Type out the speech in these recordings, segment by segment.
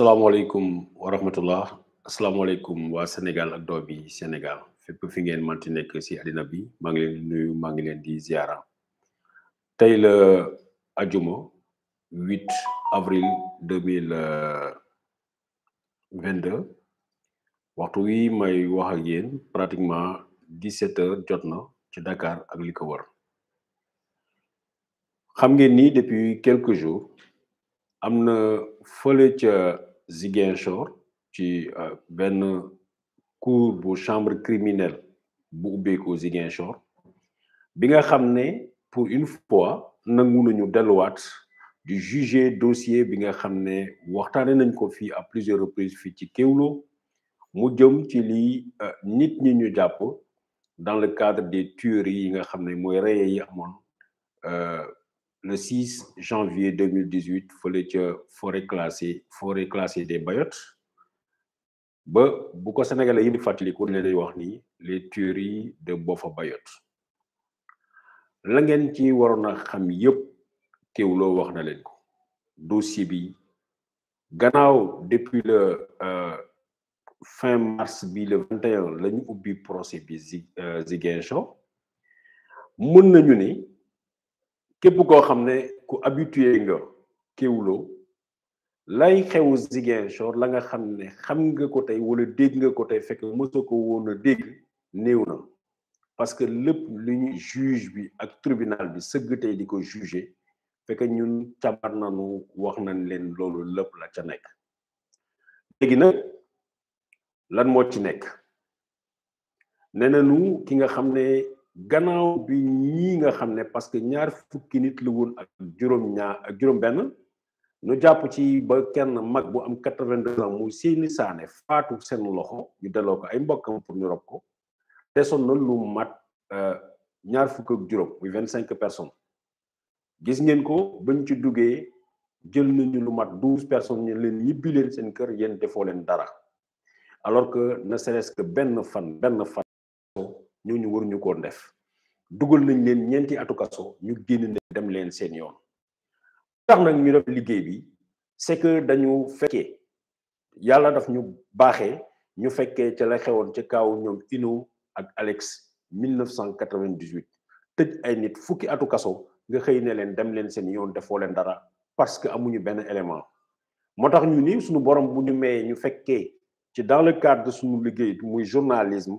alaikum wa rahmatullah asalaamaaleykum waa Sénégal ak doom bi Sénégal fépp fi ngeen manti nekk si adina bi maa ngi leen nuyu maa ngi di ziara tey la ajuma 8 avril 2022 waxtu wi may wax ak yéen pratiquement 17 heures jot na ci Dakar ak li ko xam ngeen ni depuis quelques jours am na fële ca Ziguinchor ci euh, benn cour bu chambre criminelle bu ubbeekoo Ziguinchor bi nga xam ne pour une fois nangu nañu delluwaat di juger dossier bi nga xam ne waxtaane nañ ko fii à plusieurs reprises fii ci Kéwoulo mu jëm ci li euh, nit ñi ñu jàpp dans le cadre des tueries yi nga xam ne mooy reye yi amoon euh, le 6 janvier 2018 forêt classée forêt classée des Bayottes ba de sénégalais fait Bayotes. de les tueries de Boffa Bayotte la qui ci en a xam yépp wax na dossier bi Ganao depuis le euh, fin mars bi le 21 procès bi euh, képp koo xam ne ku habitué nga Kéwoulo lay ziguin Ziguinchor la nga xam ne xam nga ko tey wala dégg nga ko tey fekk mosoo ko woon a dégg néew na parce que lépp lu ñuy juge bi ak tribunal bi sëgg tey di ko juger fekk ñun cabar nañu wax nañ leen loolu lépp la ca nekk léegi nag lan moo ci nekk nee nañu ki nga xam ne gannaaw bi ñi nga xam ne parce que ñaar fukki nit lu woon ak juróom ñaar ak juróom benn ñu jàpp ci ba kenn mag bu am quatre-vingt-deux ans muy Seyni Saane faatu seen loxo ñu delloo ko ay mbokkam pour ñu rob ko desoon na lu mat euh, ñaar fukk ak juróom muy vingt-cinq personnes gis ngeen ko bañ ci duggee jël nañu lu mat douze personnes ñu leen yibbi leen seen kër yéen defoo leen dara alors que ne serait que benn fan benn fan ñoo ñu waruñu koon def dugal nañ leen ñeenti atu kaso ñu génn ne dem leen seen yoon tax nag ñu liggéey bi c'est que dañu fekkee yàlla daf ñu baaxee ñu fekkee ca la xewoon ca kaaw ñoom Inno ak Alex 1998 tëj ay nit fukki atu kaso nga xëy ne leen dem leen seen yoon defoo leen dara parce que amuñu benn élément moo tax ñu ni suñu borom bu ñu mayee ñu fekkee ci dans le cadre suñu liggéey muy journalisme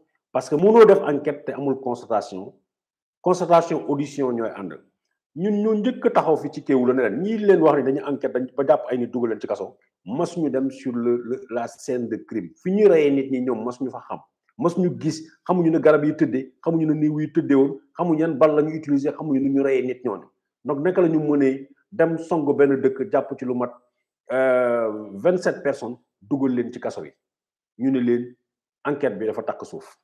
parce que mënoo def enquête te amul constatation constatation audition ñooy ànd ñun ñu njëkk taxaw fi ci kéewu la ne leen ñii leen wax ni dañu enquête dañ ba jàpp ay nit dugal leen ci kaso ñu dem sur le la scène de crime fi ñu reyee nit ñi ñoom masuñu fa xam ñu gis xamuñu ne garab yi tëddee xamuñu ne niiw yi tëddee woon xamuñu yan bal la ñu utiliser xamuñu nu ñu reyee nit ñoon donc naka la ñu mënee dem song benn dëkk jàpp ci lu mat euh, vingt sept personnes dugal leen ci kaso yi ñu ne leen enquête bi dafa takk suuf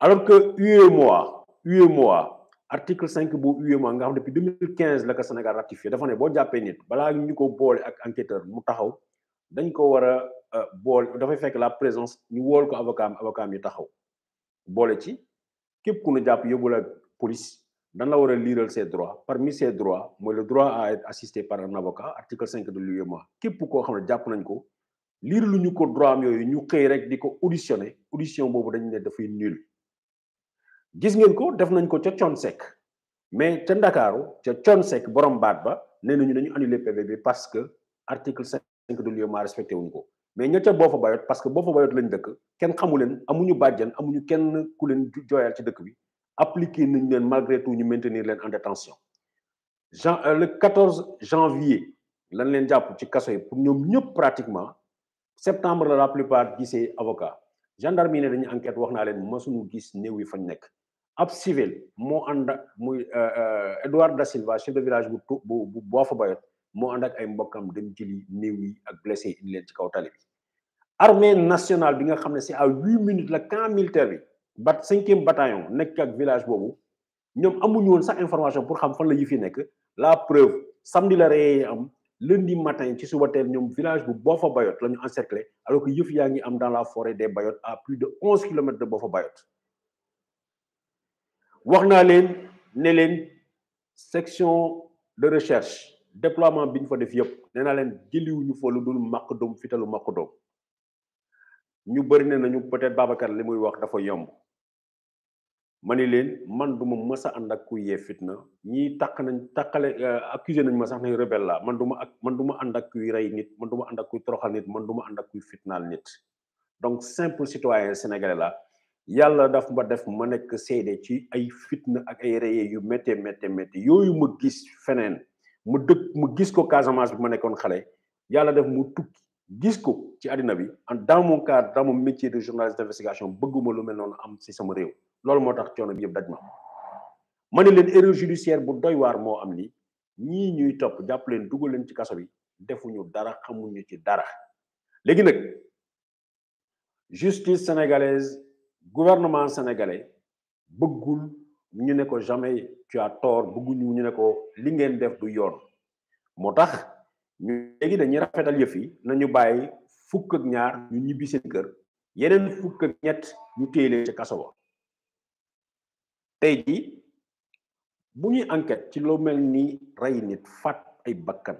alors que UEMOA UEMOA article 5 bu UEMOA nga depuis 2015 la ko Sénégal ratifié dafa ne boo jàppee nit balaa ñu ko boole ak enquêteur mu taxaw dañ ko war bol euh, boole dafay fekk la présence ñu wol ko avocat avocat am yi taxaw bolé ci képp ku ñu japp yóbbu la police dañ la wara a ses droits parmi ses droits mooy le droit à être assisté par un avocat article 5 de l'UEMOA képp ko xam japp nañ ko lire lu ñu ko droit am yooyu ñu xey rek diko auditionner audition bobu dañ ne dafay nul gis ngeen ko def nañ ko ca Thione mais ca Ndakaaru ca Thione Seck borom baat ba nee nañu dañu annulé PV bi parce que article du de ma respecté wuñ ko mais ñu ca Boffa bayot parce que Boffa bayot lañ dëkk kenn xamulen amuñu bàjjan amuñu kenn ku leen joyal ci dëkk bi appliquer nañ leen malgré tout ñu maintenir leen en détention euh, le 14 janvier lañ leen japp ci kaso yi pour ñom ñëpp pratiquement septembre la la plupart gisé avocat gendarmerie dañu enquête wax na leen mësuñu gis néew yi fañ nekk ab civil moo ànd ak euh, euh Edouard da Silva chef de village bu bu bu Boafa Bayot mo ànd ak ay mbokam dem jili newi ak blessé indi len ci kaw tali bi. armée nationale bi nga xamné ci à huit minutes la camp militaire bi bat e bataillon nek ak village bobu ñom amuñu won sax information pour xam fan la yifi nek la preuve samedi la réy am lundi matin ci suba teel ñom village bu Bofa Bayot lañu encercler alors que yëf yaa am dans la forêt des Bayot à plus de onze kilomètres de Bofa Bayot waxna len ne len section de recherche déploiement biñ fa def yépp nee len leen wuñu fo lu dul màq fitalu màq ñu bari ne nañu peut-être Babacar li muy wax dafa yomb mané len man duma ma mës ak ku fitna ñi tak nañ takalé euh, accusé nañ ma sax ne rebelle la man duma ak man duma ma ànd ak kuy nit man duma ma ak kuy nit man duma ma ak kuy nit donc simple citoyen sénégalais la yàlla daf ma def ma nekk seede ci ay fitna ak ay reye yu métte métte métte yooyu ma gis feneen mu dëkk mu gis ko Casamance bi ma nekkoon xale yàlla def mu tukki gis ko ci àddina bi en dans mon cadre dans mon métier de journaliste d'investigation bëgguma lu mel noonu am si sama réew loolu moo tax coono bi yëpp daj ma ma ne leen erreur judiciaire bu doy waar moo am ni ñii ñuy topp jàpp leen dugal leen ci kaso bi defuñu dara xamuñu ci dara léegi nag justice gouvernement sénégalais bëggul ñu ne ko jamais tu as tort ñu ne ko li ngeen def du yoon moo tax ñu léegi dañuy rafetal yëf yi nañu bàyyi fukk ak ñaar ñu ñibbi seen kër yeneen fukk ak ñett ñu téye leen kaso wa tey jii bu ñuy enquête ci loo mel ni rey nit faat ay bakkan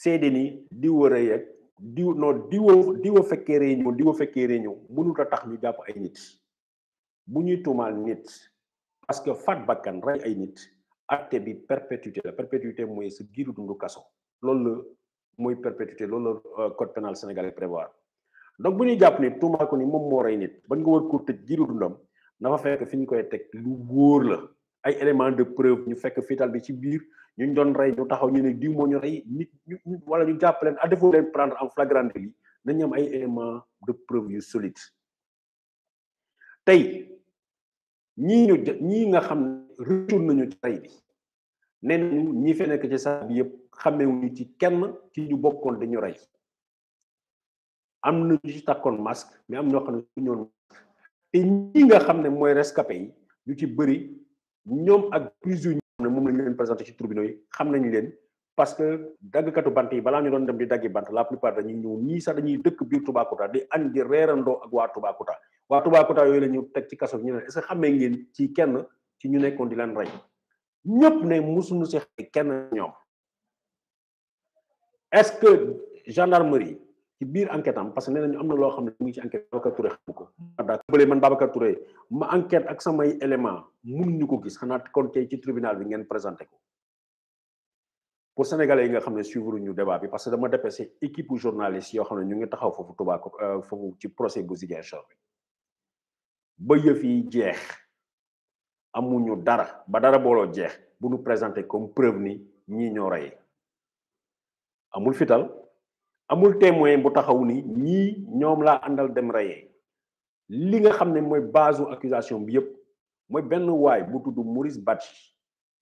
seede ni di wër a yeeg diw non diwoo diwoo fekkee réunion diwoo fekkee réunion mënut a tax ñu jàpp ay nit bu ñuy tuumaal nit parce que faat bakkan rek ay nit acte bi perpétuité la perpétuité mooy sa giiru dundu kaso loolu la mooy perpétuité loolu la euh, code pénal sénégalais prévoir donc bu ñuy jàpp ni tuumaal ko ni moom moo rey nit bañ ko war ko tëj giiru dundam dafa fekk fi ñu koy teg lu wóor la ay éléments de preuve ñu fekk fital bi ci biir ñu ñu doon rey ñu taxaw ñu ne diw moo ñu rey nit ñu wala ñu jàpp leen à défaut leen prendre en flagrant délit nañu am ay éléments de preuve yu solide tey ñii ñu ñii nga xam ne reture nañu ci rey bi nee nañu ñi fi nekk ci saa bi yëpp xamewuñu ci kenn ci ñu bokkoon dañu rey am na ñu ci takkoon masque mais am ñoo xam ne su ñoon masque te ñii nga xam ne mooy rescapé yi ñu ci bëri ñoom ak prisonniers ne moom lañ leen présenté ci tribunaux yi xam nañ leen parce que daggkatu bant yi balaa ñu doon dem di daggi bant la plupart dañuy ñëw ñii sax dañuy dëkk biir Toubacouta di añ di reerandoo ak waa Toubacouta waa Toubacouta yooyu la ñu teg ci kaso ñu ne est-ce ci kenn ci ñu nekkoon di leen rey ñëpp ne musuñu si xëy kenn ñoom est-ce que gendarmerie ci biir enquête am parce que nee nañu am na loo xam ne mu ngi ci enquête Babacar Touré xam ko bële man Babacar Touré ma enquête ak samay élément mun ñu ko gis xanaa kon tey ci tribunal bi ngeen présenté ko pour sénégalais yi nga xam ne suivre ñu débat bi parce que dama dépassé équipe journaliste yoo xam ne ñu ngi taxaw foofu ko euh, foofu ci procès bu Ziguinchor bi ba yëf yi jeex amuñu dara ba dara booloo jeex bu ñu présenté comme preuve ni ñii ñoo rey amul fital amul témoin bu taxaw ni ñii ñoom laa àndal dem reyee li nga xam ne mooy base accusation bi yëpp mooy benn waay bu tudd Maurice Badji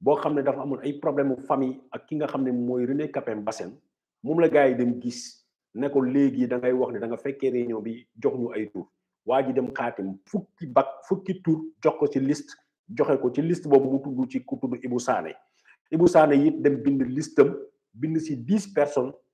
boo xam ne dafa amul ay problème famille ak ki nga xam ne mooy rene Capain Bassène moom la gars yi dem gis ne léegi da ngay wax ni da nga fekkee réunion bi jox ñu ay tur waa ji dem xaatim fukki bac fukki tur jox ko ci list joxe ko ci liste boobu mu tudd ci ku tudd Ibou Sané Ibou Sané it dem bind listam bind si dix personnes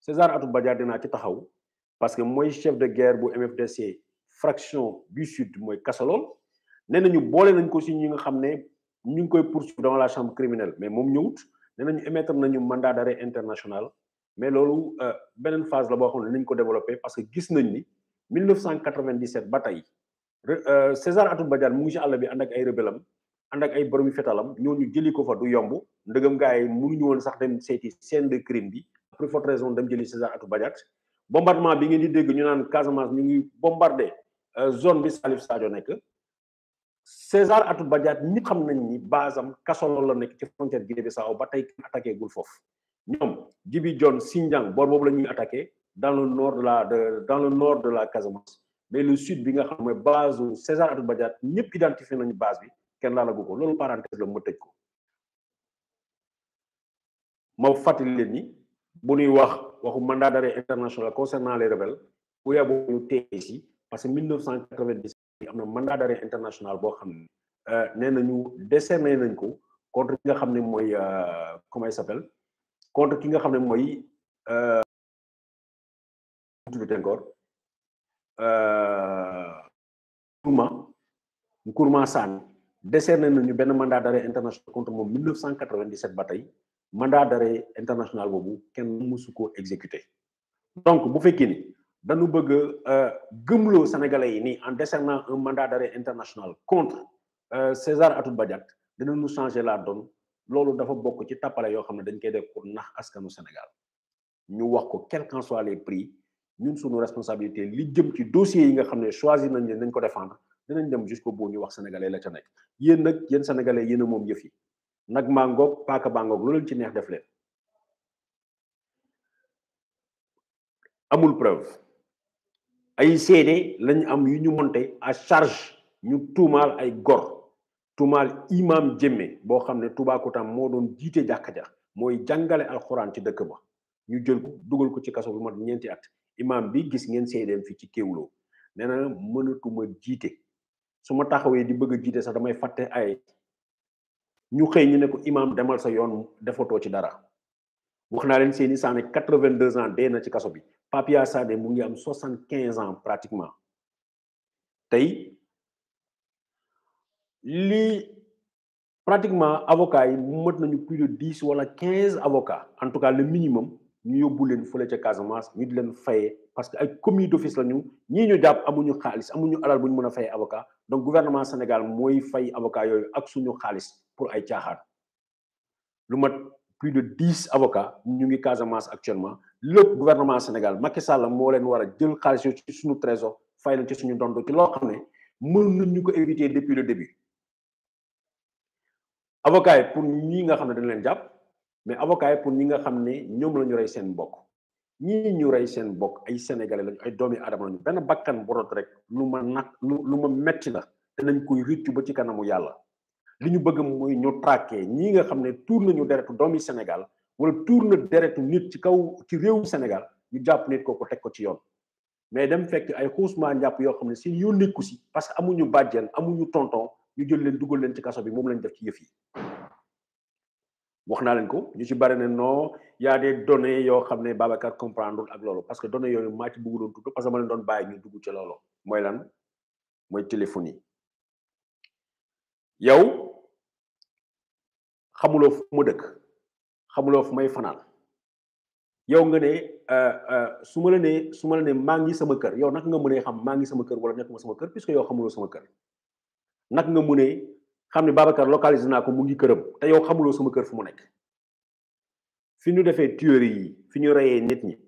César Atou Badja dina ci taxaw parce que moy chef de guerre bu MFDC fraction du sud mooy Kassolol nee nañu boole nañ ko ci ñi nga xam ñu ngi koy poursuivre dans la chambre criminelle mais mom ñëwut nee nañu émettre nañu mandat d'arrêt international mais lolu euh, benen phase la bo xamné ne nañ ko développer parce que gis nañ ni 1997 ba tey euh, César Atou Badiane mu ngi si àll bi and ak ay rébellam and ak ay boromi fetalam ñooñu jëli ko fa du yomb ndëgëm gaay mënu ñu won sax dem seeti scène de crime bi plus forte raison dem jeli César Atou badiat bombardement bi ngi di dégg ñu naan Casamance ñu ngi bombardé euh, zone bi Salif Sadio nek César Atou badiat ñi xam nañ ni base am Kasolo la nek ci frontière Guinée-Bissau ba tay attaquer gul fof ñom Djibi John sinjang bor bobu la ñuy attaquer dans le nord de la de dans le nord de la Casamance mais le sud bi nga xam mooy base César Atou badiat ñëpp identifier nañ base bi kenn laalagu ko loolu parenthèse la ma tejj ko ma fàttali ni. bu ñuy wax waxu mandat d'arrêt international concernant les rebelles bu yaboo ñu téye si parce que 1990 am na mandat d'arrêt international boo xam ne euh, nee nañu décerné nañ ko contre ki nga xam ne mooy euh, comment il ki nga xam ne mooy tudd euh, encore Nkrumah Nkrumah Sane décerné nañu benn mandat d'arrêt international contre moom 1997 ba tey mandat d'arrêt international boobu kenn mësu ko exécuté donc bu fekkee ni dañu bëgg euh, gëmloo sénégalais yi ni en décernant un mandat dare international contre euh, César Atoute Badiate nu changer la donne loolu dafa bokk ci tappale yoo xam ne dañ koy def pour nax askanu Sénégal ñu wax ko quel qu'en soit les prix ñun sunu responsabilité li jëm ci dossiers yi nga xam ne choisir nañ leen nañ ko défendre dinañ dem jusqu'au bout ñu wax sénégalais la ca nekk yéen nag yéen sénégalais yéen moom yëf nag mangok pakabangok bangoog lu leen ci neex def leen amul preuve ay seede lañ am yu ñu monté à charge ñu tumal ay gor tumal imam jeme boo touba ne tam mo doon jité jàkka jax moy jangalé alcorane ci dëkk ba ñu jël ko duggal ko ci kasso bu mat ñenti at imam bi gis ngeen seedeem fi ci kéwloo néna mënatuma jité suma taxawé di bëgg jité sax damay faté ay ñu xëy ñu ne ko imam demal sa yoon defatoo ci dara wax naa leen Seyni Sané quatre-vingt-deux ans dee na ci kaso bi Papia Sané mu ngi am soixante-quinze ans pratiquement tey lii pratiquement avocats yi mët nañu plus de dix wala quinze avocats en tout cas le minimum ñu yóbbu leen fële ca Casamance ñu di leen fayee parce que ay commis d'office la ñu ñii ñu jàpp amuñu xaalis amuñu alal bu ñu mën a fayee avocat donc gouvernement Sénégal mooy fay avocat yooyu ak suñu xaalis pour ay caaxaan lu mat plus de 10 avocats ñu ngi Casamance actuellement le gouvernement Sénégal Macky Sall mo leen wara jël xaliss yu ci suñu trésor fay leen ci suñu dondo ci lo xamné mën nañ ñuko éviter depuis le début avocats pour ñi nga xamné dañ leen japp mais avocats pour ñi nga xamné ñom lañu ray ñu rey seen mbokk ñii ñu ray seen mbokk ay sénégalais lañ ay doomi adam lañu ben bakkan borot rek lu ma nag lu ma metti la dañ koy rutu ba ci kanamu yalla li ñu bëgg mooy ñu traqué ñi nga xam ne tour nañu deretu doomi sénégal wala tour na deretu nit ci kaw ci réewu sénégal ñu jàpp nit kooku teg ko ci yoon mais dem fekk ay xuusmaa njàpp yoo xam ne seen yoon si parce que amuñu bàjjen amuñu tonton ñu jël leen dugal leen ci kaso bi moom lañ def ci yëf yi wax naa leen ko ñu ci bari ne non y a des données yoo xam ne babacar comprendre ak loolu parce que données yooyu maa ci bëggu doon tudd parce que ma leen doon bàyyi ñu dugg ci loolu mooy lan mooy yi yow xamuloo fu ma dëkk xamuloo fu may fanaal yow nga euh, euh, ne su ma la nee su ma la nee maa ngi sama kër yow nag nga mënee xam maa ngi sama kër wala nekkuma sama kër puisque yow xamuloo sama kër nag nga mënee xam ne Babacar localisé naa ko mu ngi këram te yow xamuloo sama kër fu mu nekk. fi ñu defee tuerie yi fi ñu reyee nit ñi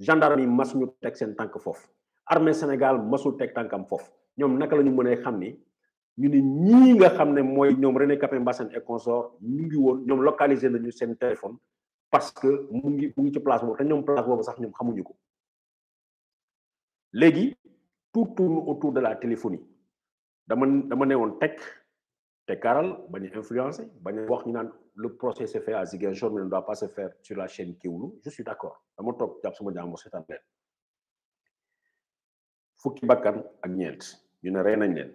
gendarme yi masuñu teg seen tànk foofu armée Sénégal masul teg tànkam foofu ñoom naka lañu ñu mënee xam ni. ñu ne ñii nga xam ne mooy ñoom René Capain Bassène et consort ñu ngi woon ñoom localiser nañu seen téléphone parce que mu ngi mu ngi ci place boobu te ñoom place boobu sax ñoom xamuñu ko léegi tout tourne autour de la téléphonie dama dama ne woon teg te karal bañ a influencé bañ a wax ñu naan le procès se fait à Ziguinchor mais ne doit pas se faire sur la chaîne Kéwoulo je suis d' accord dama toog jàpp sama jàmm seetaan leen fukki bakkan ak ñeent ñu ne rey nañ leen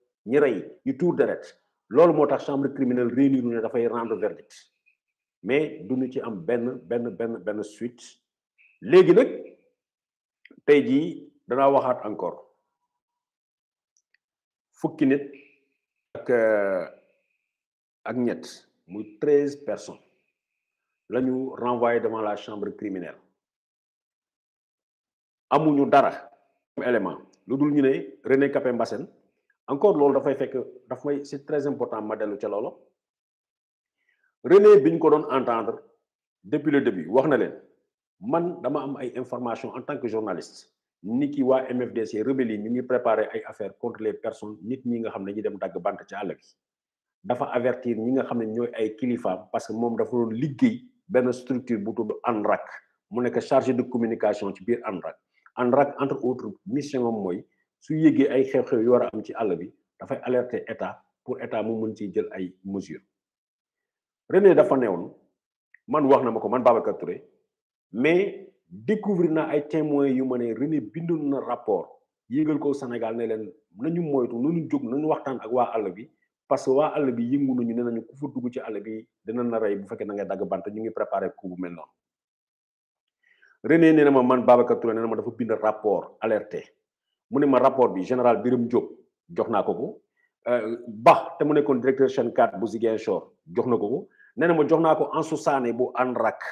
ñi rey ñu tuur deret loolu moo tax chambre criminelle réunir ne dafay rendre verdict mais duñu ci am benn benn benn benn suite léegi nag tey jii danaa waxaat encore fukki nit ak euh, ak ñett muy 13 personnes lañu renvoyer renvoyé devant la chambre criminelle amuñu dara élément lu dul ñu ne René Capembasen. encore da fay fekk da fay c'est très important ma delu ci lolu René biñ ko doon entendre depuis le début wax na len man dama am ay information en tant que journaliste ni ki MFDC rebelli ñu préparer ay affaires contre les personnes nit ñi nga xam ñi dem dag bant ci dafa avertir ñi nga xam ñoy ay kilifa parce que moom dafa doon liggéey ben structure bu tuddu Anrak mu nek chargé de communication ci bir Anrak Anrak entre autres mission moom su yëgee ay xew-xew yu wara am ci àll bi fay alerter état pour état mu mën ci jël ay mesures René dafa man wax na mako man Babacar Touré mais découvrir na ay témoins yu mané René bindul na rapport yëgal ko Sénégal né len nañu moytu nañu jog nañu waxtaan ak wa àll bi parce que wa àll bi yëngu nañu né nañu ku fa dugg ci àll bi dina na ray bu fekkee na ngay dag bant ñu ngi préparer coup bu mel non René né na man Babacar Touré né na ma dafa bind rapport alerter mu ne ma rapport bi général Birame Diop jox naa ko ko euh, Ba te mu nekkoon directeur chaîne 4 bu Ziguinchor jox na ko ko nee na ma jox naa ko Ansou Sané bu ANRAC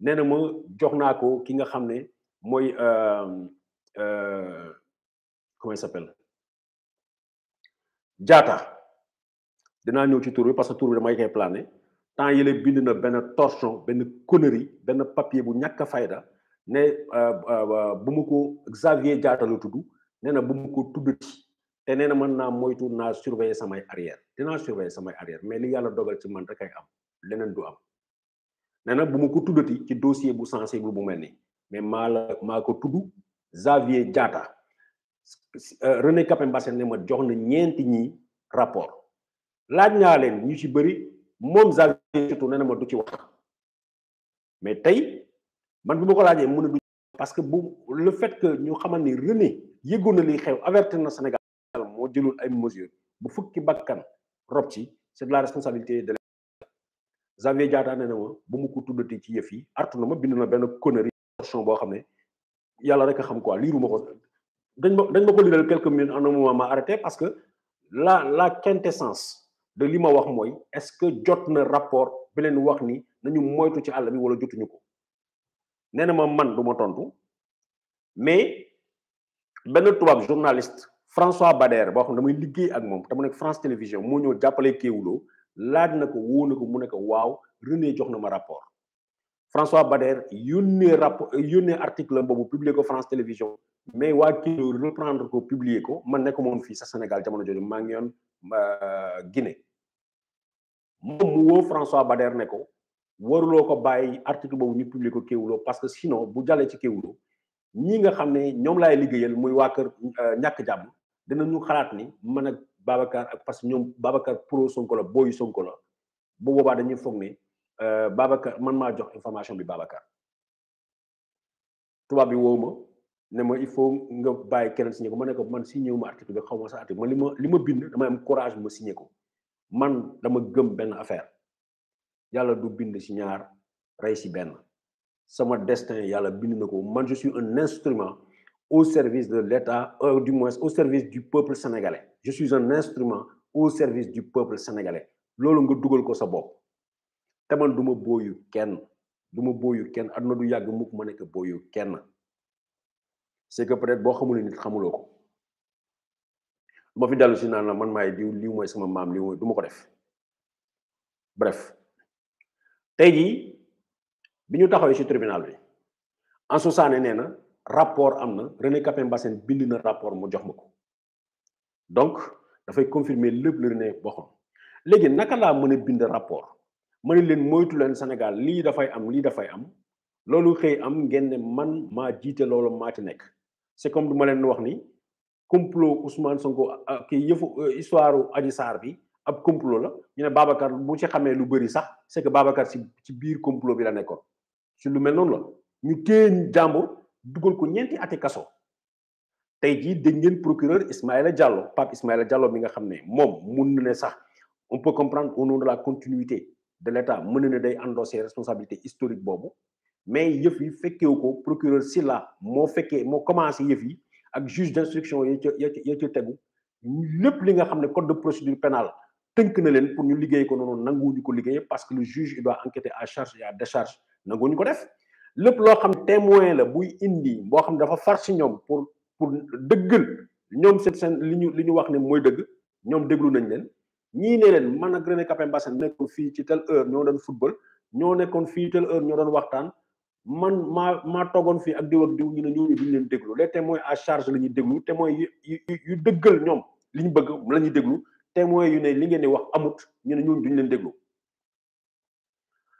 nee na ma jox naa ko ki nga xam ne mooy euh, euh, comment il s'appelle Diatta dinaa ñëw ci tur bi parce que tur bi damay koy plané temps yële bind na benn torchon benn connerie benn papier bu ñàkk a fayda ne bu ma ko Xavier Diatta la tudd. nee na bu mu ko tuddati te nee na mën naa moytu naa surveiller samay arrière dinaa surveiller samay arrière mais li yàlla dogal ci man rek ay am leneen du am nee na bu mu ko tuddati ci dossier bu sensible bu mel ni mais maa la maa ko tudd Xavier jaata euh, René Capain Bassène ne ma jox na ñeenti ñi rapport laaj naa leen ñu ci bëri moom Xavier surtout nee na ma du ci wax mais tey man bu ma ko laajee mu ne du parce que bu le fait que ñu xamal ni René yëgoon na liy xew avertir na Sénégal mo jëlul ay mesures bu fukki bakkan rob ci c'est de la responsabilité de Xavier Diatta nee na bu mu ko tuddati ci yef yi artu na ma bind na ben connerie boo bo xamné yalla rek xam quoi liiruma mako dañ ma ko liiral quelques minutes en un moment ma arrêté parce que la la quintessence de li ma wax moy est-ce que jot na rapport bi wax ni nañu moytu ci Allah bi wala jotuñu ko nee ma man duma tontu mais ben tubaab journaliste François Bader boo xam ne damay liggéey ak moom te mu nekk France Télévision moo ñëw jàppale Kéwoulo laaj na ko woo na ko mu ne ko waaw René jox na ma rapport François Bader yónnee rapport yónnee article boobu publié ko France Télévision mais waa Kéwoulo reprendre ko publier ko man ko moom fii sa Sénégal jamono jooju maa ngi yoon euh, Guinée moom mu woo François Bader ne ko waruloo ko bàyyi article boobu ñu publié ko Kéwoulo parce que sinon bu jàllee ci Kéwoulo ñii nga xam ne ñoom laay liggéeyal muy waa kër euh, ñàkk jàmm ñu xalaat ni man ak Babacar ak parce que ñoom Babacar pour Sonko la booyu Sonko la bu boobaa dañuy foog ne euh, Babacar man maa jox information bi Babacar tubaab bi woo ma ne ma il faut nga bàyyi keneen signé ko ma ne ko man signé wu ma article bi xaw ma sa article man li ma li ma bind damay am courage ma signé ko man dama gëm benn affaire yàlla du bind si ñaar rey si benn sama destin yàlla bind na ko man je suis un instrument au service de l'État euh, du moins au service du peuple sénégalais je suis un instrument au service du peuple sénégalais loolu nga dugal ko sa bopp te man du ma booyu kenn du ma booyu kenn aduna du yàgg mukk ma nekk booyu kenn c'est que peut-être boo xamul nit xamuloo ko ma fi dellu si naan la man maay diw lii mooy sama maam lii mooy du ma ko def bref tey jii bi ñu taxawee ci tribunal bi Anso Sané nee na rapport am na René Capain Bassène bind na rapport mu jox ma ko donc dafay confirmer lépp lu René waxoon léegi naka laa mën a bind rapport ma ne leen moytu leen senegal lii dafay am lii dafay am loolu xëy am ngeen ne man maa jiite loolu maa ci nekk c'est comme du ma leen wax ni complot Ousmane Sonko ah, kii yëfu euh, histoire Adji Sarr bi ab complot la ñu ne Babacar bu ci xamee lu bëri sax c'est que Babacar ci ci biir complot bi la nekkoon. ci lu mel non la ñu téye jambo duggal ko ñenti ati kasso tay ji de ngeen procureur Ismaïla Diallo Pape Ismaïla Diallo mi nga xamné mom moom na sax on peut comprendre au nom de la continuité de l'État mën na ne day endosser responsabilité historique bobu mais yëf yi féké ko procureur Silla mo féké mo commencé yëf yi ak juge d'instruction ya ca ya ca tegu li nga xamné code de procédure pénale tënk na leen pour ñu liggéey ko noonu nanguwuñu ko liggéey parce que le juge il doit enquêter à charge et à décharge nanguwuñu ko def lepp lo xam témoin la indi xam dafa far pour pour wax ne ne man ak René football les témoins à charge témoins témoins yu ne wax amut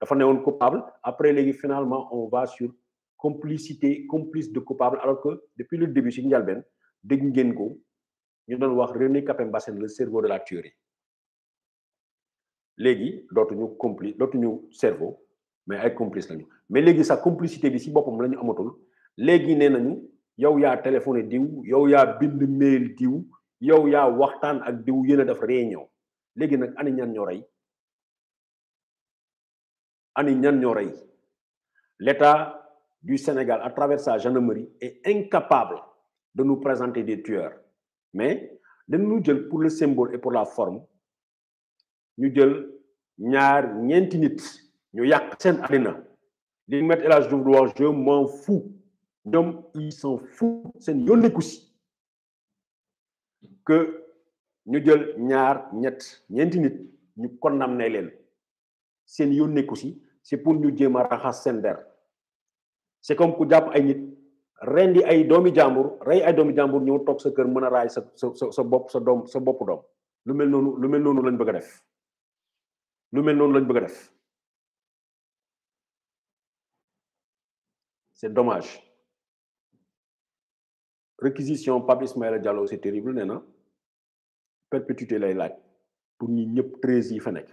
dafa newoon coupable après légui finalement on va sur complicité complice de coupable alors que depuis le début si njalbeen dégg ngeen ko ñu don wax René Capem Bassène le cerveau de la théorie. tuerie léegi dootuñu complice ñu cerveau mais ay complice lañu mais légui sa complicité bi si boppam lañu amatul légui nee nañu yow ya téléphoner diw yow ya bind mail diw yow ya waxtaan ak diw yéen a def réunion légui nak ani ñan ñoo rey ani ñan ñoo rey l'État du Sénégal à travers sa gendarmerie est incapable de nous présenter des tueurs mais de ñu jël pour le symbole et pour la forme ñu jël ñaar ñeenti nit ñu yàq seen àddina li Me El Hadji je m'en fous ñoom ils s'en foutent seen une aussi. que ñu jël ñaar ñett ñeenti nit ñu condamné leen une yónneeku c'est pour ñu jéem a raxas seen der c'est comme ku jàpp ay nit rendi ay doomi jàmbur rey ay doomi jàmbur ñëw toog sa kër mën a raay sa sa sa bopp sa doom sa bopp doom lu mel noonu lu mel noonu lañ bëgg a def lu mel noonu lañ bëgg a def c'est dommage réquisition Pape Ismaïla Diallo c'est terrible nee na perpétuité lay laaj pour ñi ñëpp treize yi fa nekk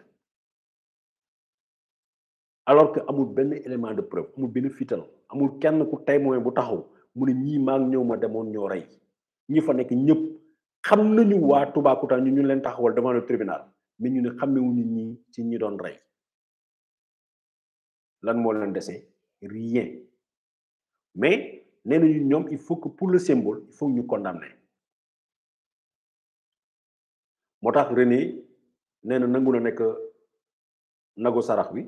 alors que amul benn élément de preuve amul benn fital amul kenn ku témoin bu taxaw mu ne ñii maa ngi ñëw ma demoon ñoo rey ñi fa nekk ñëpp xam nañu waa Toubacouta ñu ñu leen taxawal devant le tribunal mais ñu ne xamewuñu ñii ci ñi doon rey lan moo leen desee rien mais nee nañu ñoom il faut que pour le symbole il faut ñu condamner moo tax René nee na nangu na nekk nagu sarax bi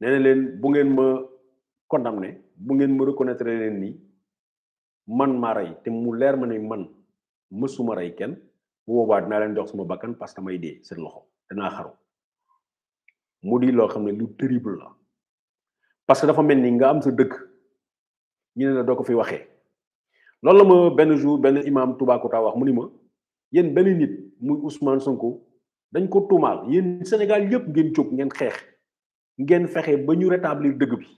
nee leen bu ngeen ma condamné bu ngeen ma reconnaître leen ni man ma rey te mu leer ma ne man mësuma rey kenn bu boobaa dinaa leen jox sama bakkan parce que may dee seen loxo danaa xaru mu di loo xam ne lu terrible la parce que dafa mel nga am sa dëkk ñu ne la doo ko fi waxee loolu la ma benn jour benn imam tuba wax mu ni ma yéen benn nit muy Ousmane Sonko dañ ko tuumaal yéen Sénégal yépp ngeen jóg ngeen xeex ngeen rétablir dëgg bi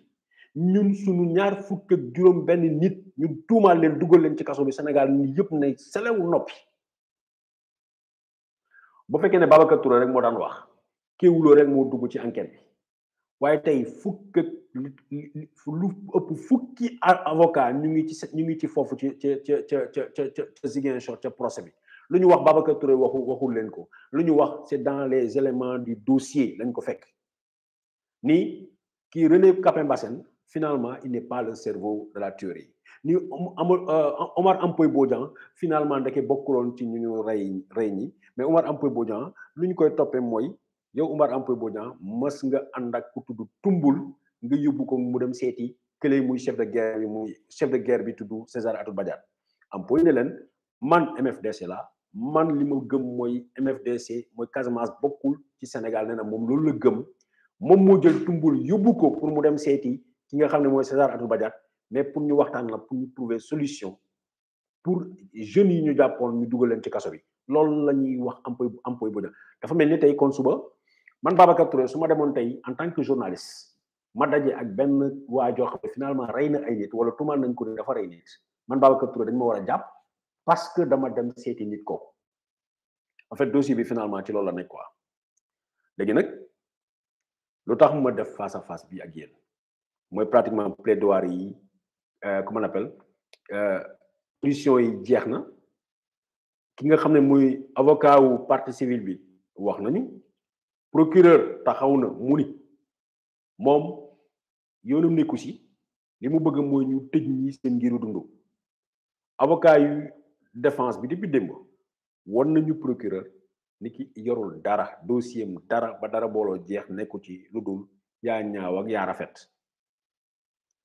ñun suñu ñaar fukk nit ñu tuumaal leen duggal leen Sénégal ni yëpp ne selewu noppi bu ne Babacar Touré rek moo daan wax rek moo dugg ci enquête bi waaye avocat ñu ngi ci ñu ngi ci foofu ci ci ci c'est dans les éléments du dossier ni qui René capain finalement il n'est pas le cerveau de la tuerie ni euh, Omar Ampoy Bodjan, finalement ndeke bokkuloon ci ñu ñu qui nous ñi mais Omar Ampoy Bodjan, lu ñu koy toppee mooy yow Omar Ampoy Bodjan, mës nga ànd ak ku tudd tumbul nga yóbbu ko mu dem seeti kële chef de guerre bi chef de guerre bi tudd César Atoute Badiate Ampoy ne man MFDC la man li ma gëm MFDC moy Casamance beaucoup ci Sénégal na moom le la gëm mom mo jël tumbul yóbbu ko pour mu dem seeti ki nga xamné moy César Abdou Badiate mais pour ñu waxtaan la pour ñu trouver solution pour jeunes yi ñu jàppoon ñu dugal leen ci kasso bi loolu la wax ampoy ampoy bu dafa melni tay kon suba man Babacar Touré su demone tay en tant que journaliste ma dajé ak ben wa jo xam finalement rey ay nit wala tuumaal nañ ko dafa rey nit man Babacar Touré dañ ma wara japp parce que dama dem seeti nit ko en fait dossier bi finalement ci loolu la quoi légui nak face à face bi ak pratiquement plaidoirie euh, comment on appelle euh, position yi jeexna ki nga avocat wu partie civile bi wax procureur taxawna mom il bëgg moy ñu ñi seen ngiru dundu avocat yu défense bi depuis won nañu procureur Niki yorul dara dossier dara ba dara bolo jeex nekku ci luddul ya ñaaw ak ya rafet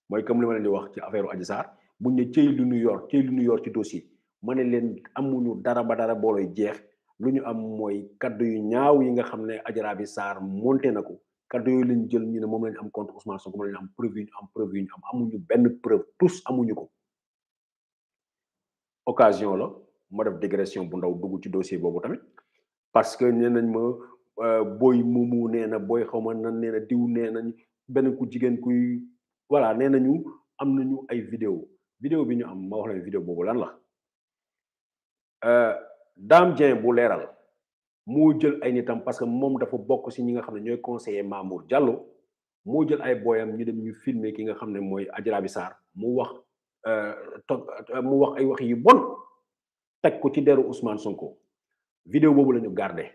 moy comme li ma leen di wax ci affaireu Adji Sarr bu ñu cëy lu ñu yor cëy lu ñu yor ci dossier mané len amuñu dara ba dara bolo jeex luñu am moy kaddu yu ñaaw yi nga xamné ne bi sar monté nako kaddu yu liñ jël ñu lañ am contre Ousmane Sonko lañ am preuve yu am preuve yu am amuñu benn preuve tous amuñu ko occasion la ma def digression bu ndaw dugg ci dossier bobu tamit parce que nee nañ ma euh, boy mumu nee na boy xawma nan nee na diw nee nañ benn ku jigéen kuy voilà nee nañu am nañu ay vidéo vidéo bi ñu am ma wax la vidéo boobu lan la euh, dam dien bu leeral moo jël ay nitam parce que moom dafa bokk si ñi nga xam ne ñooy conseiller Mamour Diallo moo jël ay boyam ñu dem ñu filmé ki nga xam ne mooy Adjarabi Sarr mu wax euh, mu wax ay wax yu bon teg ko ci deru Ousmane Sonko vidéo boobu la ñu garder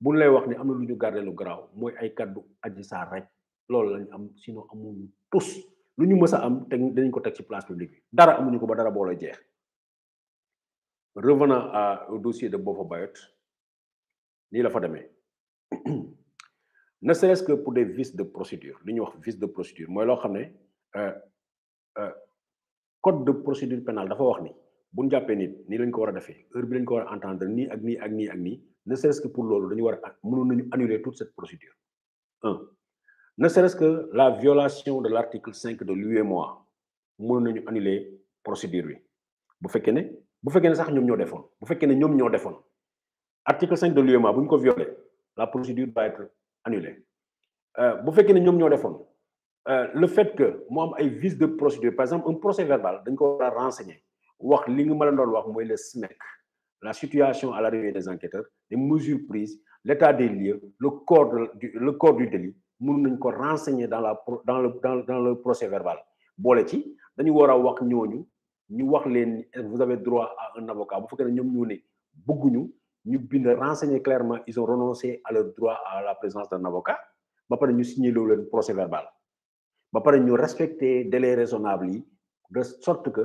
buñ lay wax ni am na lu ñu garder lu garaaw mooy ay kaddu Adji Sarr rek loolu lañu am sinon amuñu tous lu ñu mës a am te dañ ko teg ci place publique bi dara amuñu ko ba dara boo lay jeex revenant à au dossier de Boffa Bayotte nii la fa demee ne serait que pour des vices de procédure lu ñuy wax vice de procédure mooy loo xam ne euh, euh, code de procédure pénale dafa wax ni buñ ñu jàppee nit nii lañ ko war a defee heure bi lañ ko war a entendre nii ak nii ak nii ak nii ne serait-ce que pour loolu dañu war a mënoon nañu annuler toute cette procédure un ne serait-ce que la violation de l'article cinq de l'UEMOA mënoon nañu annuler procédure bi bu fekkee ne bu fekkee ne sax ñoom ñoo defoon bu fekkee ne ñoom ñoo defoon article cinq de l'UEMOA bu ñu ko violé la procédure doit être annulée euh, bu fekkee ne ñoom ñoo defoon euh, le fait que mu am ay vices de procédure par exemple un procès verbal dañ ko war a renseigner wax li nga la le SMEC la situation à l'arrivée des enquêteurs les mesures prises l'état des lieux le corps du le corps du délit mën nañ ko renseigner dans la dans le dans le procès verbal bolé ci dañu wara wax ñooñu ñu wax vous avez droit à un avocat bu fekkee ne nous ñoo ñu bind renseigner clairement ils ont renoncé à leur droit à la présence d'un avocat ba pas ñu signer le procès verbal ba pas ñu respecter délai raisonnable raisonnables. de sorte que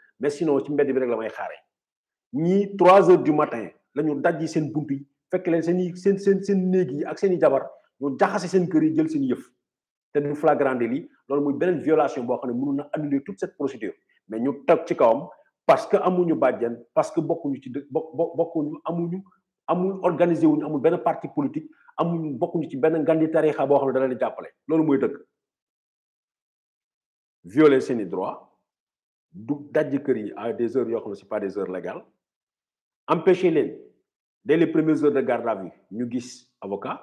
mais ci mbedd bi rek la may xaare ñii trois heures du matin la ñu daj seen bunt yi fekk leen seen i seen seen seen néeg yi ak seen i jabar ñu jaxase seen kër yi jël seen yëf te du flagrant délit loolu muy beneen violation boo xam ne mënu na annuler toute cette procédure mais ñu toog ci kawam parce que amuñu bàjjen parce que bokkuñu ci dë bokkuñu amuñu amul organisé wuñu amul benn parti politique amuñu bokkuñu ci benn ngandi tarixa boo xam ne dana leen jàppale loolu mooy dëgg seen i droit du dajji kër yi à des heures yoo xam ne pas des heures légales empêcher leen dès les premières heures de garde à vue ñu gis avocat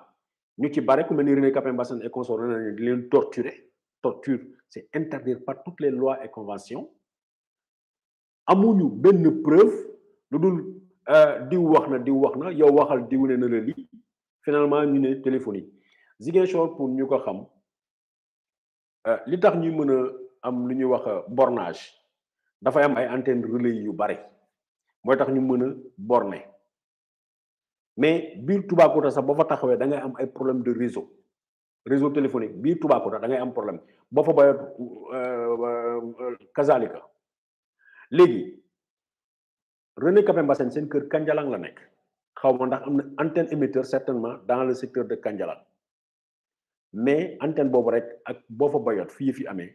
ñu ci bare ku mel ni René Capain et consort nañu di leen torturer torture c'est interdire par toutes les lois et conventions amuñu benn preuve lu dul euh, diw wax na diw wax na yow waxal diw ne na lii finalement ñu ne téléphone yi pour ñu ko xam euh, li tax ñuy mën am lu ñuy wax euh, bornage dafa am ay antenne relais yu bari moy tax ñu mën a borne mais biir ta sa bo fa taxawé da ngay am ay problème de réseau réseau téléphonique biir ta da ngay am problème bo fa euh kazalika légui René Capain Bassène sen kër Kandialang la nek xawma ndax amna antenne émetteur certainement dans le secteur de Kandialang mais antenne bobu rek ak bo fa bayot fi fi amé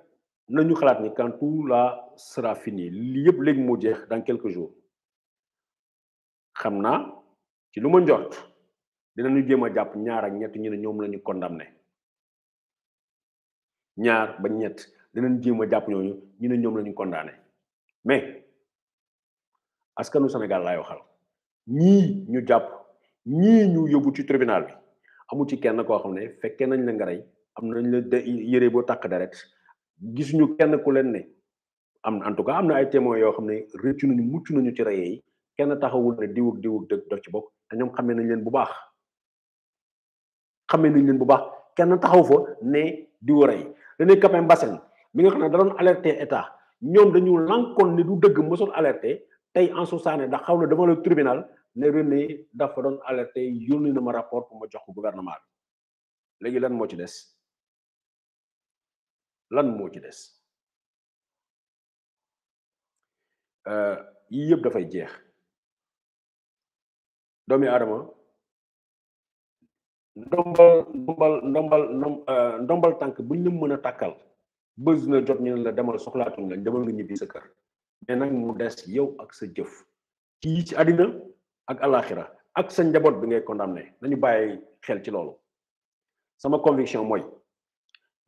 nañu xalaat ni quand tout là sera fini lii yëpp léegi moo jeex dans quelques jours xam naa ci lu ma njort dinañu jéem a jàpp ñaar ak ñett ñu ne ñoom la ñu condamné ñaar ba ñett dinañu jéem a jàpp ñooñu ñu ne ñoom la ñu condamné mais askanu Sénégal laay waxal ñii ñu jàpp ñii ñu yóbbu ci tribunal bi amu ci kenn koo xam ne fekkee nañ la ngaray am nañ la yére boo tàkk deret gisuñu kenn ku leen ne am en tout cas am na ay témoins yoo xam ne rëccu nañu mucc nañu ci reyee yi kenn taxawul ne diw ak diw ak dëgg daf ci bokk te ñoom xamee nañ leen bu baax xamee nañ leen bu baax kenn taxaw fa ne diw rey René Capain Bassène bi nga xam ne da doon alerter état ñoom dañu lankoon ne du dëgg mosoon alerter tey Anso Sané da xaw na devant le tribunal ne René dafa doon alerte yónni na ma rapport pour ma jox ko gouvernement bi léegi lan moo ci des. lan moo ci des euh, yii yëpp dafay jeex doomi aadama ndombal ndombal ndombal euh, ndombal tànk buñ la mën a tàkkal bës na jot ñu ne la demal soxlaatuñ la demal nga ñibbi sa kër mais nag mu des yow ak sa jëf ci ci àddina ak alaxira ak sa njaboot bi ngay condamné nañu bàyyi xel ci loolu sama conviction mooy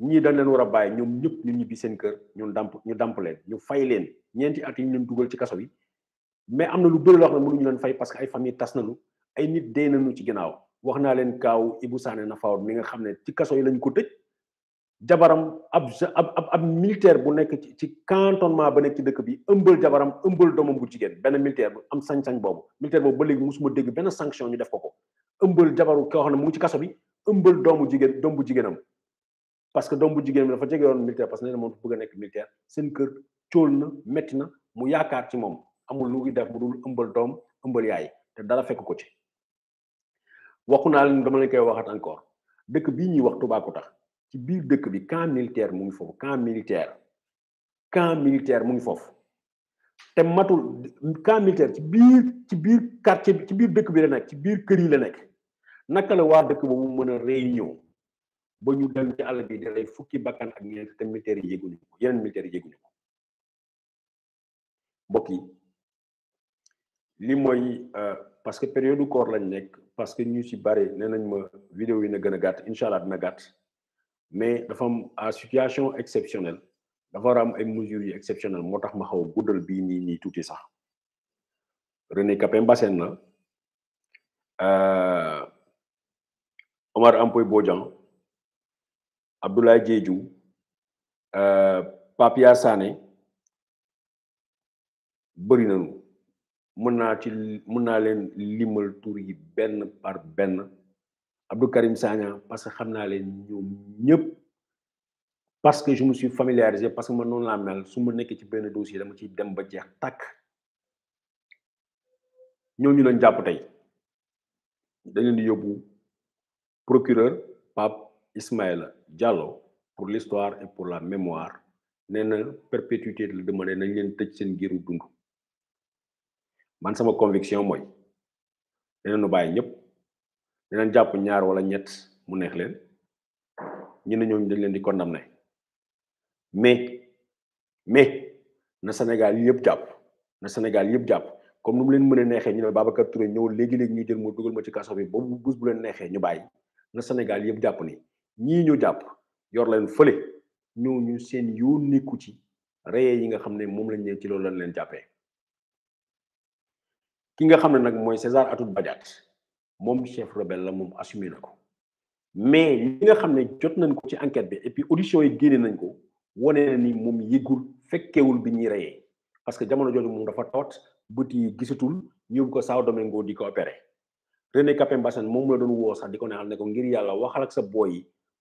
ñii dañ leen war a bàyyi ñoom ñëpp ñu ñibbi seen kër ñu damp ñu damp leen ñu fay leen ñeenti at yi ñu dugal ci kaso yi mais am na lu bëri loo xam ne mënuñu leen fay parce que ay famille tas nañu ay nit dee nañu ci ginnaaw wax naa leen kaaw Ibou Sané Nafaw mi nga xam ne ci kaso yi lañ ko tëj jabaram ab ab ab militaire bu nekk ci ci cantonnement ba nekk ci dëkk bi ëmbal jabaram ëmbal doomam bu jigéen benn militaire bu am sañ-sañ boobu militaire boobu ba léegi musuma dégg benn sanction ñu def ko ko ëmbal jabaru koo xam ne ci kaso bi ëmbal doomu jigéen doom jigéenam parce que doom bu jigéen bi dafa jege woon militaire parce que nee na moom bëgg a nekk militaire seen kër cóol na métti na mu yaakaar ci moom amul lu ngi def mu dul ëmbal doom ëmbal yaay te dala fekk ko ci waxu naa leen dama leen koy waxaat encore dëkk bii ñuy wax tax ci biir dëkk bi camp militaire mu ngi foofu camp militaire camp militaire mu ngi foofu te matul camp militaire ci biir ci biir quartier ci biir dëkk bi la nekk ci biir kër yi la nekk naka la waa dëkk mën a réunion ba ñu dem ci àll bi di rey fukki bakkan ak ñeent te militaire yi yéguñu ko yeneen militaire yi yéguñu ko yi li mooy euh, parce que période koor lañ nekk parce que ñu si bare nee nañ ma vidéo yi na gën a gàtt incha allah dina gàtt mais dafa am à situation exceptionnelle dafa war am ay mesures yu moo tax ma xaw a guddal bii nii nii tuuti sax René Capain Bassène la euh, Omar Ampoy Bodian Abdoulaye Jeju, eh, Papi Assane, bari nañu mën naa ci mën naa limal tur yi benn par ben. Abdou Karim Sagna parce que xam naa leen ñoom ñëpp parce que je me suis familiarisé parce que man noonu laa mel su ma nekkee ci benn dossier dama ciy dem ba jeex tàkk ñu lañ jàpp tey dañ leen di procureur Pape Ismaïla Diallo pour l'histoire et pour la mémoire nena perpétuité de demander nañ leen tëj seen giru dund man sama conviction moy dina nu bàyyi ñëpp dinañ jàpp ñaar wala ñet mu neex leen ñu ne ñoom dañ leen di condamner mais mais na Sénégal yi yëpp jàpp na Sénégal yëpp japp comme nu mu leen mën a ñu ne Babacar Touré ñëw léegi-léegi ñu jël mo dugal ma ci kasso bi bu bés bu leen neexee ñu baye na Sénégal yëpp japp ni ñii ñu jàpp yor leen fële ñu seen yoon nekku ci reye yi nga xam ne moom lañ ne ci loolu lañ leen jàppee ki nga xam ne nag mooy César atul Badiate moom chef rebelle la moom assumé na ko mais ñi nga xam ne jot nañ ko ci enquête bi et puis audition yi génne nañ ko wane na ni moom yëgul fekkewul bi ñuy reyee parce que jamono jooju moom dafa toot bët yi gisatul ñëw ko Sao Domingo di ko opéré René Capain moom moom la doon woo sax di ko neexal ne ko ngir yàlla waxal ak sa booy yi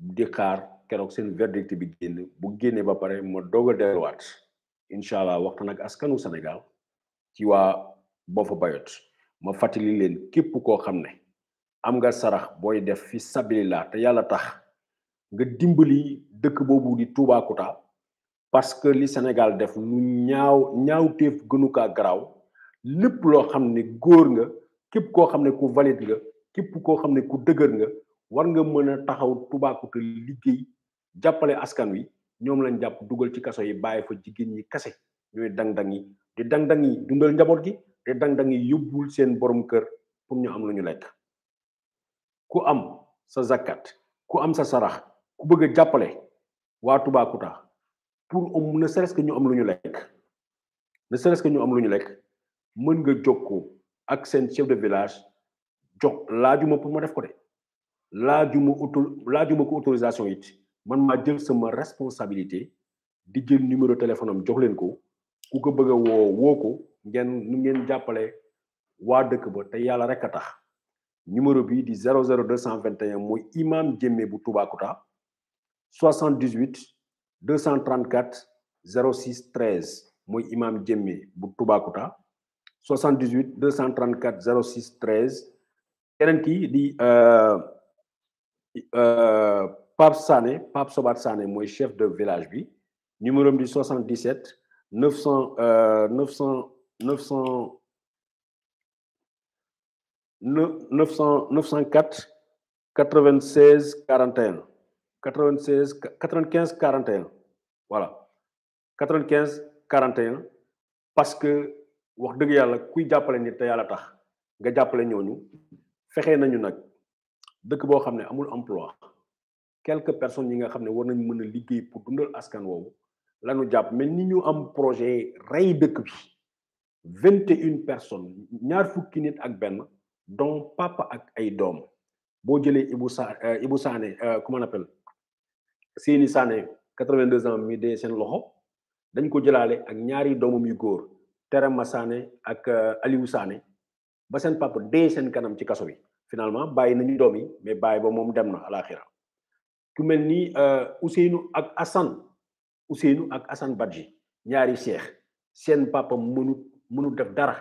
di xaar keroog seen verdict bi génn bu génnee ba pare ma doog a delluwaat incha allah waxtaan ak askanu senegal ci waa fa Bayotte ma fàttali leen képp koo xam ne am nga sarax booy def fi sabilillah te yàlla tax nga dimbali dëkk boobu di Toubacouta parce que li Sénégal def lu ñaaw ñaaw téef gënu kaa garaaw lépp loo xam ne góor nga képp koo xam ne ku valide nga képp koo xam ne ku dëgër nga war nga mën a taxaw Toubacouta liggéey jàppale askan wi ñoom lañ jàpp dugal ci kaso yi bàyyi fa jigéen ñi kase ñooy dang-dang yi di dang-dang yi dundal njaboot gi te dang-dang yi yóbbul seen borom kër pour ñu am lu ñu lekk ku am sa zakat ku am sa sarax ku bëgg jàppale waa Toubacouta pour am ne serait-ce ñu am lu ñu lekk ne serait-ce ñu am lu ñu lekk mën nga jokkoo ak seen chef de village jox laajuma pour ma def ko de Là, du mot ko autorisation it man maa jël sama responsabilité di jël numéro téléphone am jox leen ko ku ko bëgg a woo woo ko ngeen nu ngeen jàppale ba rek tax numéro bi di 00221 mooy Imam Diémé bu Toubacouta 78 234 06 13 mooy Imam Diémé bu Toubacouta 78 234 06 13 keneen kii di. Euh, euh, Pape Sané Pape Sobat Sané moi chef de village numéro 77 900 900 900 904 96 41 96 95 41 voilà 95 41 parce que wax dëgg yàlla kuy jàppale nit te tax nga dëkk boo xam ne amul emploi quelques personnes yi nga xam ne war nañ mën a liggéey pour dundal askan woowu lañu jàpp mais ni ñu am projet rey dëkk bi vingt et une personnes ñaar fukki nit ak benn donc papa ak ay doom boo jëlee Ibou Sa euh, Ibou Sané euh, comment on appelle Séni Sané quatre ans mi dee seen loxo dañ ko jëlaale ak ñaari doomam yu góor Terema Sané ak euh, Aliou Sané ba seen papa dee seen kanam ci kaso bi finalement bàyyi nañu doom yi mais bàyyi ba moom dem na alaxira ku mel ni euh, Ousseynou ak Assane Ousseynou ak bat Badji ñaari seex seen papa mënut mënut def dara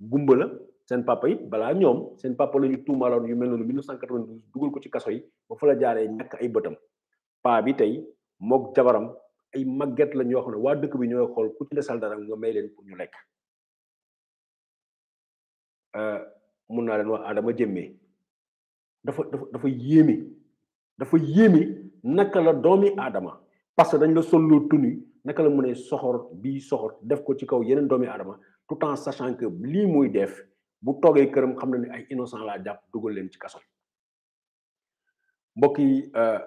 gumba la seen papa it balaa ñoom seen papa lañu ñu tuumaaloon yu mel noonu 1992 dugal ko ci kaso yi ba la jaaree ñàkk ay bëtam paa bi tey mook jabaram ay màgget la ñoo xam waa dëkk bi ñooy xool ku ci sal dara nga may leen pour ñu lekk euh, mun naa leen wax Adama Jëmmee dafa dafa dafa yéeme dafa yéeme naka la doomi aadama parce que dañ la solloo tuni naka la mënee soxor bii soxor def ko ci kaw yeneen doomi aadama tout temps sachant que lii muy def bu toogee këram xam na ni ay innocent laa jàpp dugal leen ci kaso mbokk yi euh,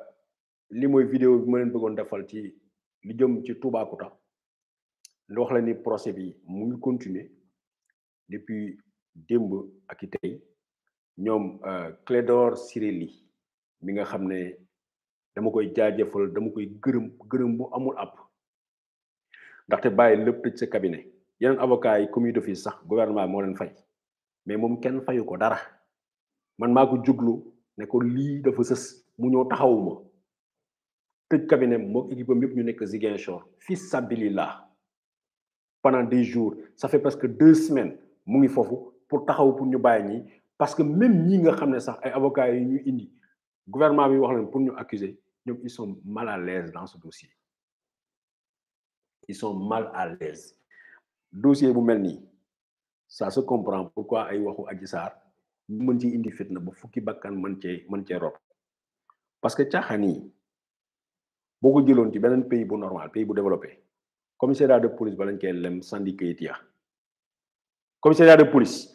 li mooy vidéo bi ma leen bëggoon defal ci li jëm ci Toubacouta li wax la ni procès bi mu ngi continuer depuis démb ak i tey ñoom euh, Clédor Sireli, minga mi nga xam ne dama koy jaajëfal dama koy gërëm gërëm bu amul àpp ndaxte bàyyi lépp tëj sa cabinet yeneen avocat yi commis d'office sax gouvernement moo leen fay mais moom kenn fayu ko dara man maa juglu ne ko lii dafa sës mu taxawuma cabinet équipe am ñu pendant des jours ça fait presque deux semaines mu ngi pour taxaw pour ñu parce que même ñi nga xamné sax ay avocats yi ñu indi gouvernement bi wax leen pour ñu accuser ils sont mal à l'aise dans ce dossier ils sont mal à l'aise dossier bu ça se comprend pourquoi ay waxu aji sar ñu mën ci indi fitna ba fukki bakkan mën ci parce que caaxaan boko boo ko pays bu normal pays bu développé commissariat de police ba lañ koy lem sandi commissariat de police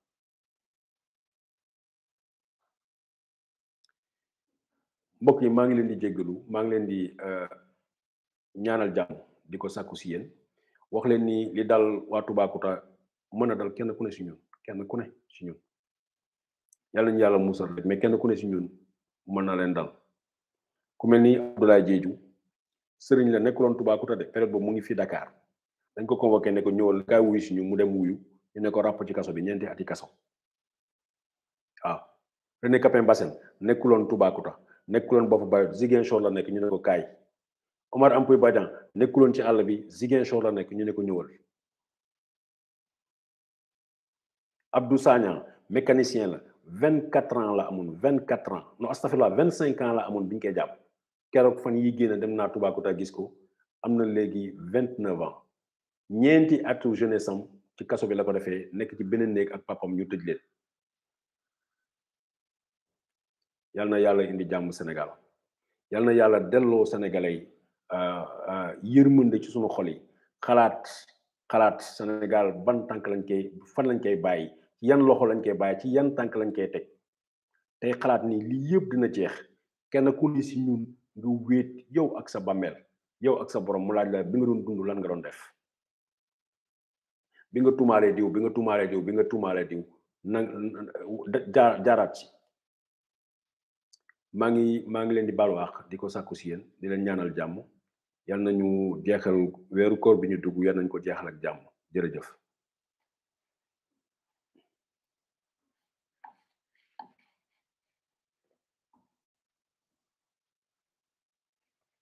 mbokk yi maa ngi leen di jéggalu maa ngi leen di euh, ñaanal jàmm di ko sàkku si yéen wax leen ni li dal waa Toubacouta mën a dal kenn ku ne si ñun kenn ku ne si ñun yàlla ñu yàlla musal rek mais kenn ku ne si ñun mën na leen dal ku mel ni Abdoulaye sëriñ la nekkuloon de période boobu mu ngi fi Dakar dañ ko convoqué ne ko ñëwal kaay wuyu si ñu mu dem wuyu ñu ne ko ràpp ci kaso bi ñeenti ati kaso waaw René Capin nekkuloon nekkuloon boppu Bayot Ziguinchor la nekk ñu ne ko kaay Omar Ampoy Badian nekkuloon ci àll bi Ziguinchor la nekk ñu ne ko ñëwal Abdou Sagnan mécanicien la vingt quatre ans la amoon vingt quatre ans non astafirlah vingt cinq ans la amoon bi ñu koy jàpp keroog fan yi génn dem naa Toubacouta gis ko am na léegi vingt neuf ans ñeenti atu jeunesse am ci kaso bi la ko defee nekk ci beneen néeg ak papam ñu tëj leen yal na yàlla indi jamm senegal yal na yàlla senegalay euh euh yermunde ci sunu xol yi xalaat xalaat senegal ban tank lañ koy fan lañ koy bayyi ci yan loxo lañ koy bayyi ci yan tank lañ koy tek tay xalaat ni li yeb dina jeex kenn ku li ci ñun du wet yow ak sa bàmmeel yow ak sa borom mu laaj la bi nga doon dund lan nga doon def bi nga tumale diw bi nga tumale diw bi nga tumale diw maa ngi maa ngi leen di baalu àq di ko sàkku si yéen di leen ñaanal jàmm yal nañu jeexal weeru ko bi ñu dugg yal nañu ko jeexal ak jàmm jërëjëf.